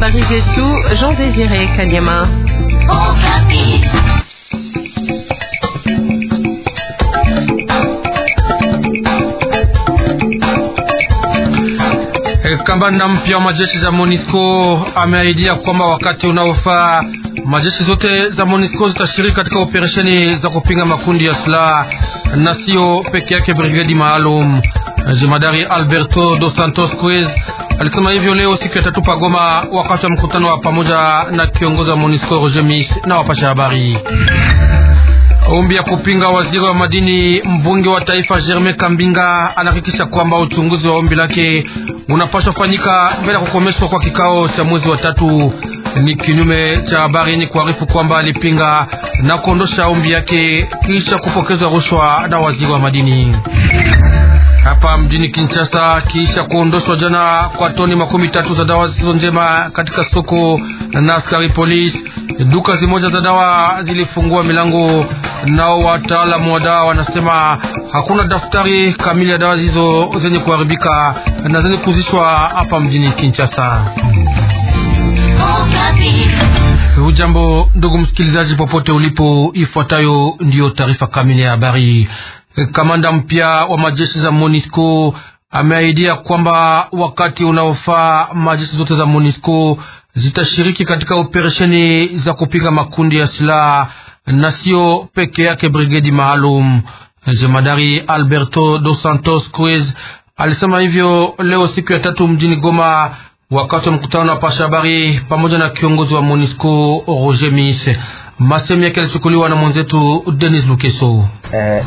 habari zetu Jean Désiré Kanyama. Eh, Kamanda mpya wa majeshi za MONUSCO ameahidia kwamba wakati unaofaa majeshi zote za MONUSCO zitashiriki katika operesheni za kupinga makundi ya silaha na sio peke yake brigadi maalum. Eh, jemadari Alberto dos Santos Cruz Alisema hivyo leo siku ya tatu Pagoma, wakati wa mkutano wa pamoja na kiongozi wa MONUSCO Roger Mix na wapasha habari. Ombi ya kupinga waziri wa madini, mbunge wa taifa Germain Kambinga anahakikisha kwamba uchunguzi wa ombi lake unapaswa fanyika mbele ya kukomeshwa kwa kikao cha mwezi wa tatu. Ni kinyume cha habari yenye kuarifu kwamba alipinga na kuondosha ombi yake kisha kupokezwa rushwa na waziri wa madini hapa mjini Kinshasa kisha kuondoshwa jana kwa toni makumi tatu za dawa zisizo njema katika soko na askari polisi. Duka zimoja za dawa zilifungua milango, nao wataalamu wa dawa wanasema hakuna daftari kamili ya dawa hizo zenye kuharibika na zenye kuzishwa hapa mjini Kinshasa. Hujambo ndugu msikilizaji, popote ulipo, ifuatayo ndiyo taarifa kamili ya habari. Kamanda mpya wa majeshi za MONUSCO ameahidia kwamba wakati unaofaa majeshi zote za MONUSCO zitashiriki katika operesheni za kupinga makundi ya silaha na sio peke yake brigedi maalum. Jemadari Alberto dos Santos Cruz alisema hivyo leo siku ya tatu mjini Goma wakati wa mkutano wa pasha habari pamoja na kiongozi wa MONUSCO Roger Mise. Masemi yake yalichukuliwa na mwenzetu Denis Lukeso. Eh,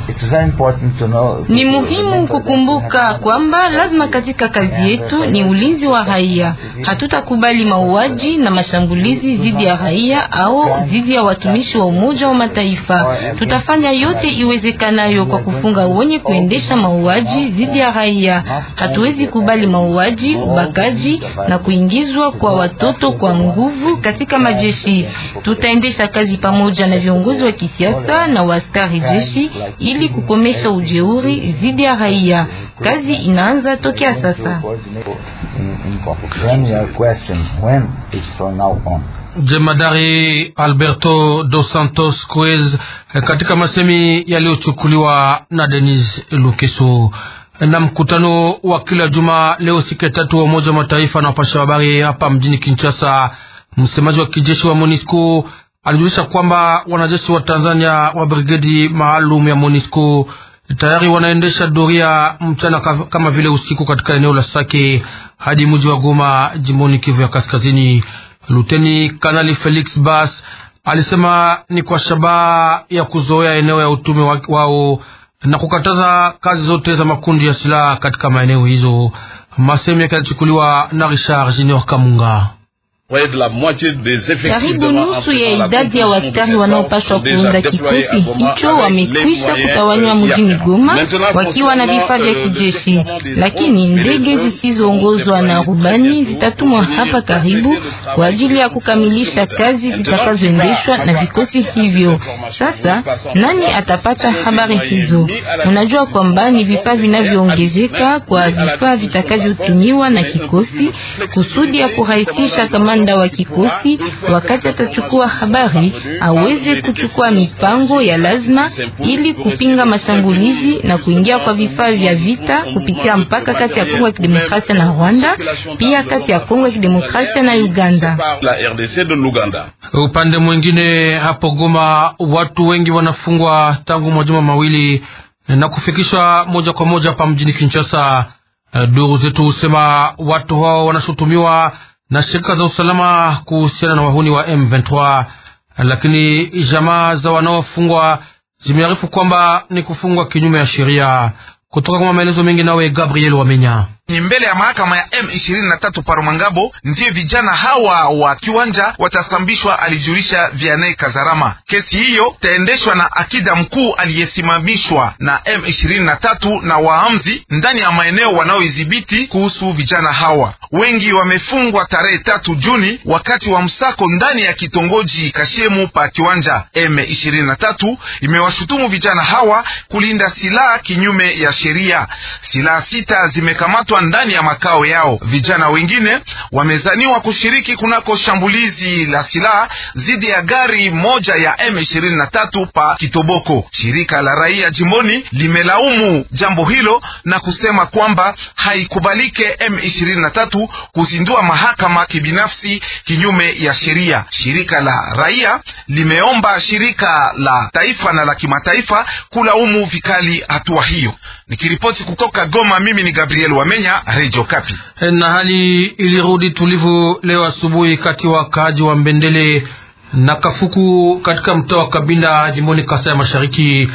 ni muhimu kukumbuka kwamba lazima katika kazi yetu ni ulinzi wa raia. Hatutakubali mauaji na mashambulizi dhidi ya raia au dhidi ya watumishi wa Umoja wa Mataifa. Tutafanya yote iwezekanayo kwa kufunga wenye kuendesha mauaji dhidi ya raia. Hatuwezi kubali mauaji, ubakaji na kuingizwa kwa watoto kwa nguvu katika majeshi. Tutaendesha kazi pamoja na viongozi wa kisiasa na waaskari jeshi ili kukomesha ujeuri dhidi ya raia. Kazi inaanza tokea sasa. Jemadari Alberto dos Santos Quez katika masemi yaliyochukuliwa na Denis Lukeso na mkutano wa kila juma leo siku ya tatu wa Umoja wa Mataifa na wapasha habari hapa mjini Kinshasa. Msemaji wa kijeshi wa MONUSCO alijulisha kwamba wanajeshi wa Tanzania wa brigedi maalum ya MONUSCO tayari wanaendesha doria mchana kama vile usiku katika eneo la Sake hadi mji wa Goma, jimboni Kivu ya Kaskazini. Luteni Kanali Felix Bas alisema ni kwa shabaha ya kuzoea eneo ya utume wao na kukataza kazi zote za makundi ya silaha katika maeneo hizo. Masemi yake yalichukuliwa na Richard Junior Kamunga. Karibu nusu ya idadi ya waskari wanaopaswa kuunda kikosi hicho wamekwisha kutawanywa mjini Goma wakiwa na vifaa vya kijeshi, lakini ndege zisizoongozwa na rubani zitatumwa hapa karibu kwa ajili ya kukamilisha kazi zitakazoendeshwa na vikosi hivyo. Sasa nani atapata habari hizo? Unajua kwamba ni vifaa vinavyoongezeka kwa vifaa vitakavyotumiwa na kikosi kusudi ya kurahisisha kama kamanda wa kikosi, wakati atachukua habari, aweze kuchukua mipango ya lazima ili kupinga mashambulizi na kuingia kwa vifaa vya vita kupitia mpaka kati ya Kongo ya Kidemokrasia na Rwanda, pia kati ya Kongo ya Kidemokrasia na Uganda. Upande mwingine, hapo Goma, watu wengi wanafungwa tangu majuma mawili na kufikishwa moja kwa moja hapa mjini Kinshasa. Duru zetu husema watu hao wanashutumiwa na shirika za usalama kuhusiana na wahuni wa M23, lakini jamaa za wanaofungwa zimearifu kwamba ni kufungwa kinyume ya sheria. Kutoka kwa maelezo mengi nawe Gabriel Wamenya ni mbele ya mahakama ya M23 Parumangabo, ndiye vijana hawa wa kiwanja watasambishwa, alijulisha Vianney Kazarama. Kesi hiyo itaendeshwa na akida mkuu aliyesimamishwa na M23 na waamzi ndani ya maeneo wanaoidhibiti. Kuhusu vijana hawa, wengi wamefungwa tarehe tatu Juni wakati wa msako ndani ya kitongoji Kashemu pa kiwanja. M23 imewashutumu vijana hawa kulinda silaha kinyume ya sheria. Silaha sita zimekamatwa kukamatwa ndani ya makao yao. Vijana wengine wamezaniwa kushiriki kunako shambulizi la silaha dhidi ya gari moja ya M23 pa Kitoboko. Shirika la raia jimboni limelaumu jambo hilo na kusema kwamba haikubalike M23 kuzindua mahakama kibinafsi kinyume ya sheria. Shirika la raia limeomba shirika la taifa na la kimataifa kulaumu vikali hatua hiyo. Nikiripoti kutoka Goma, mimi ni Gabriel Wamenya, Radio Kapi. Eh, na hali ilirudi tulivu leo asubuhi kati wa wakaaji wa Mbendele na Kafuku katika mtaa wa Kabinda jimboni Kasa ya Mashariki, eh,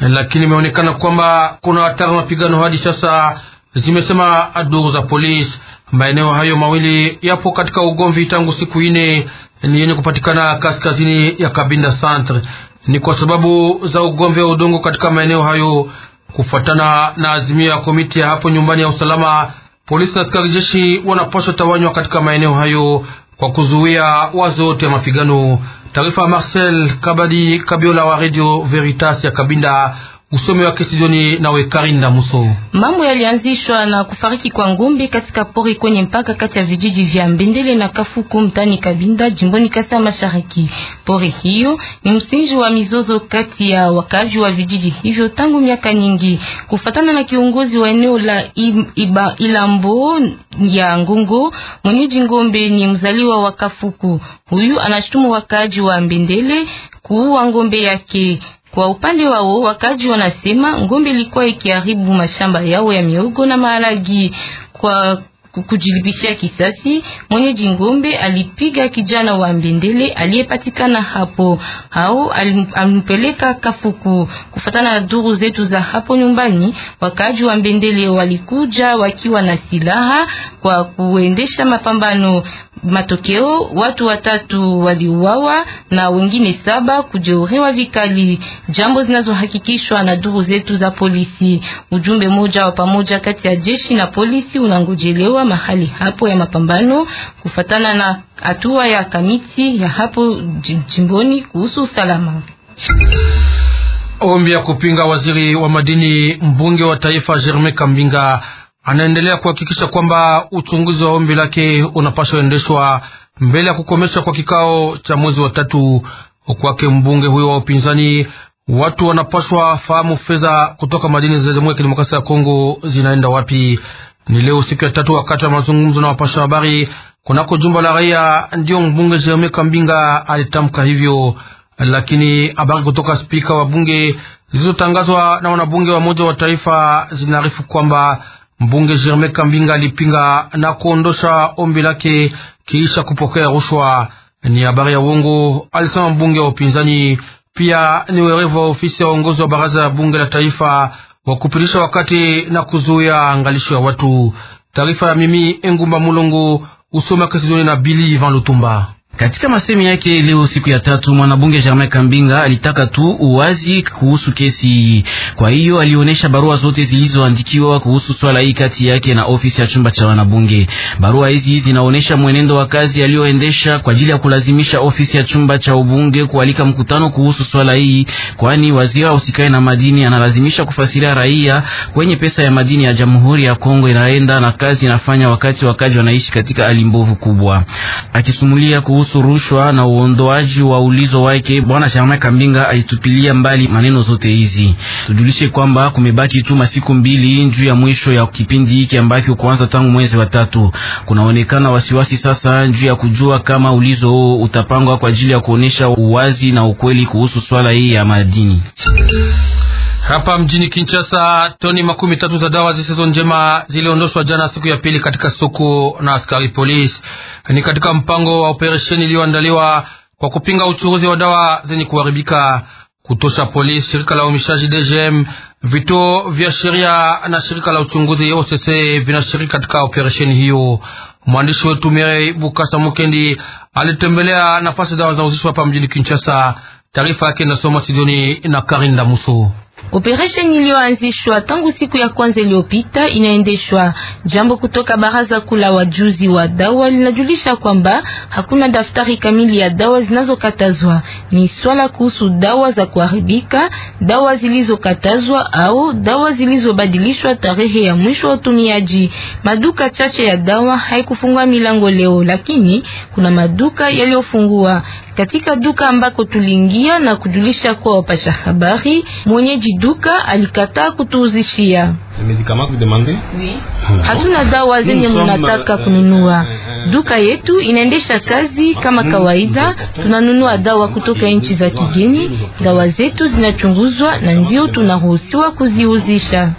lakini imeonekana kwamba kuna hatari mapigano hadi sasa, zimesema duru za polisi. Maeneo hayo mawili yapo katika ugomvi tangu siku ine, eh, ni yenye kupatikana kaskazini ya Kabinda centre. Ni kwa sababu za ugomvi wa udongo katika maeneo hayo Kufuatana na azimio ya komiti ya hapo nyumbani ya usalama, polisi na askari jeshi wanapaswa tawanywa katika maeneo hayo kwa kuzuia wazo wote ya mapigano. Taarifa ya Marcel Kabadi Kabiola wa Radio Veritas ya Kabinda. Usomi wa kisijoni na wekarin na Muso. Mambo yalianzishwa na kufariki kwa ngombe katika pori kwenye mpaka kati ya vijiji vya Mbendele na Kafuku mtani Kabinda jimboni Kasa Mashariki. Pori hiyo ni msingi wa mizozo kati ya wakazi wa vijiji hivyo tangu miaka nyingi. Kufatana na kiongozi wa eneo la Iba Ilambo ya Ngongo, mwenyeji ngombe ni mzaliwa wa Kafuku. Huyu anashutumu wakaji wa Mbendele kuua ngombe yake. Kwa upande wao wakaji wanasema ngombe ilikuwa ikiharibu mashamba yao ya miogo na maharagi kwa kukujilibishia kisasi, mwenyeji ngombe alipiga kijana wa Mbendele aliyepatikana hapo hao alimpeleka Kafuku. Kufatana na duru zetu za hapo nyumbani, wakaji wa Mbendele walikuja wakiwa na silaha kwa kuendesha mapambano. Matokeo, watu watatu waliuawa na wengine saba kujeruhiwa vikali, jambo zinazohakikishwa na duru zetu za polisi. Ujumbe moja wa pamoja kati ya jeshi na polisi unangojelewa mahali hapo ya mapambano kufatana na hatua ya kamiti ya hapo jimboni kuhusu usalama. Ombi ya kupinga waziri wa madini mbunge wa taifa Germain Kambinga anaendelea kuhakikisha kwamba uchunguzi wa ombi lake unapaswa endeshwa mbele ya kukomeshwa kwa kikao cha mwezi wa tatu. Kwake mbunge huyo wa upinzani, watu wanapaswa fahamu fedha kutoka madini za Jamhuri ya Kidemokrasia ya Kongo zinaenda wapi. Ni leo siku ya tatu, wakati wa mazungumzo na wapasha habari kunako jumba la raia, ndio mbunge Jerome Kambinga alitamka hivyo, lakini habari kutoka spika wa bunge zilizotangazwa na wanabunge wa moja wa taifa zinaarifu kwamba mbunge Jerome Kambinga alipinga na kuondosha ombi lake kiisha kupokea rushwa. Ni habari ya uongo, alisema mbunge wa upinzani. Pia ni werevu wa ofisi ya uongozi wa baraza ya bunge la taifa wa kupitisha wakati na kuzuia angalisho ya watu. Taarifa ya mimi Engumba Mulongo usoma Kasidoni na Bili Van Lutumba. Katika masemi yake leo siku ya tatu, mwanabunge Germain Kambinga alitaka tu uwazi kuhusu kesi hii. Kwa hiyo alionyesha barua zote zilizoandikiwa kuhusu swala hii kati yake na ofisi ya chumba cha wanabunge. Barua hizi zinaonyesha mwenendo wa kazi aliyoendesha kwa ajili ya kulazimisha ofisi ya chumba cha ubunge kualika mkutano kuhusu swala hii, kwani waziri usikae na madini analazimisha kufasiria raia kwenye pesa ya madini ya Jamhuri ya Kongo inaenda na kazi inafanya wakati wakaji wanaishi katika hali mbovu kubwa. Akisumulia kuhusu kuhusu rushwa na uondoaji wa ulizo wake, bwana Germain Kambinga alitupilia mbali maneno zote hizi. Tujulishe kwamba kumebaki tu masiku mbili juu ya mwisho ya kipindi hiki ambacho kuanza tangu mwezi wa tatu. Kunaonekana wasiwasi sasa juu ya kujua kama ulizo huo utapangwa kwa ajili ya kuonesha uwazi na ukweli kuhusu swala hii ya madini. Hapa mjini Kinshasa, toni makumi tatu za dawa zisizo njema ziliondoshwa jana siku ya pili katika soko na askari polisi. Ni katika mpango wa operesheni iliyoandaliwa kwa kupinga uchunguzi wa dawa zenye kuharibika kutosha. Polisi, shirika la umishaji DGM, vituo vya sheria na shirika la uchunguzi OCC vinashiriki katika operesheni hiyo. Mwandishi wetu Mire Bukasa Mukendi alitembelea nafasi za wanaohusishwa hapa mjini Kinshasa. Taarifa yake inasoma studioni na Karinda Muso. Operesheni iliyoanzishwa tangu siku ya kwanza iliyopita inaendeshwa. Jambo kutoka baraza kula wajuzi wa dawa linajulisha kwamba hakuna daftari kamili ya dawa zinazokatazwa. Ni swala kuhusu dawa za kuharibika, dawa zilizokatazwa au dawa zilizobadilishwa tarehe ya mwisho wa utumiaji. Maduka chache ya dawa haikufungua milango leo, lakini kuna maduka yaliyofungua. Katika duka ambako tuliingia na kujulisha kwa wapasha habari, mwenyeji duka alikataa kutuuzishia. Hatuna dawa zenye mnataka euh, kununua. Euh, euh, Duka yetu inaendesha kazi ah, kama kawaida, tunanunua dawa kutoka nchi za kigeni. Dawa zetu zinachunguzwa na ndio tunaruhusiwa kuziuzisha.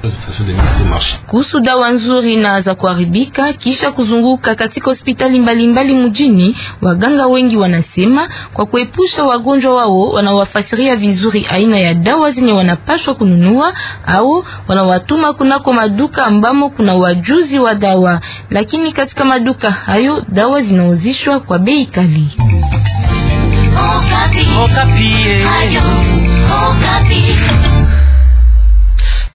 Kuhusu dawa nzuri na za kuharibika kisha kuzunguka katika hospitali mbalimbali mjini, waganga wengi wanasema kwa kuepusha wagonjwa wao, wanawafasiria vizuri aina ya dawa zenye wanapashwa kununua au wanawatuma kunako maduka ambamo kuna wajuzi wa dawa, lakini katika maduka hayo dawa zinauzishwa kwa bei kali. Okapi. Oh, Okapi. Oh, eh. Ayo. Okapi. Oh,